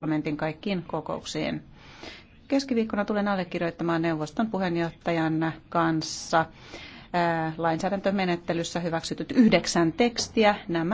parlamentin kaikkiin kokouksiin. Keskiviikkona tulen allekirjoittamaan neuvoston puheenjohtajan kanssa lainsäädäntömenettelyssä hyväksytyt yhdeksän tekstiä. Nämä